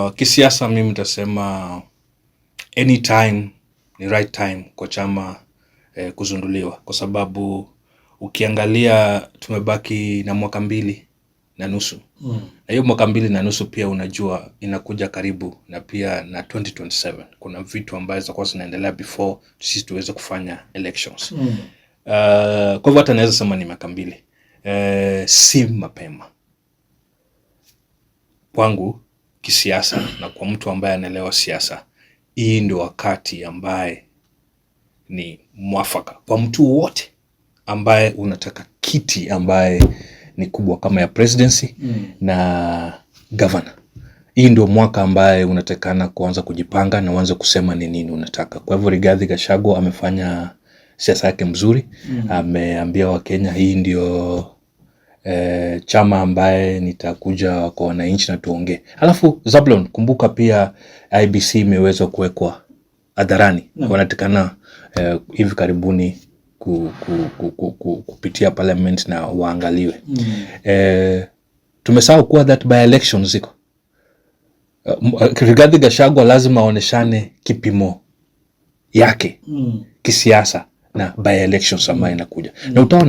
Uh, kisiasa mimi nitasema anytime ni right time kwa chama eh, kuzunduliwa kwa sababu ukiangalia tumebaki na mwaka mbili na nusu mm. Na hiyo mwaka mbili na nusu pia unajua inakuja karibu, na pia na 2027 kuna vitu ambazo zitakuwa zinaendelea before sisi tuweze kufanya elections mm. Uh, kwa hivyo hata naweza sema ni miaka mbili eh, si mapema kwangu kisiasa na kwa mtu ambaye anaelewa siasa, hii ndio wakati ambaye ni mwafaka kwa mtu wote ambaye unataka kiti ambaye ni kubwa kama ya presidency mm. na governor. Hii ndio mwaka ambaye unatakana kuanza kujipanga na uanze kusema ni nini unataka. Kwa hivyo Rigathi Gachagua amefanya siasa yake mzuri mm. ameambia Wakenya hii ndio e, chama ambaye nitakuja kwa wananchi na tuongee. Alafu Zablon, kumbuka pia IBC imeweza kuwekwa hadharani wanatikana e, hivi karibuni ku, ku, ku, ku, ku, kupitia parliament na waangaliwe mm. E, tumesahau kuwa that by election ziko Rigathi Gachagua lazima aoneshane kipimo yake mm. kisiasa na by elections ambayo inakuja mm. na utaona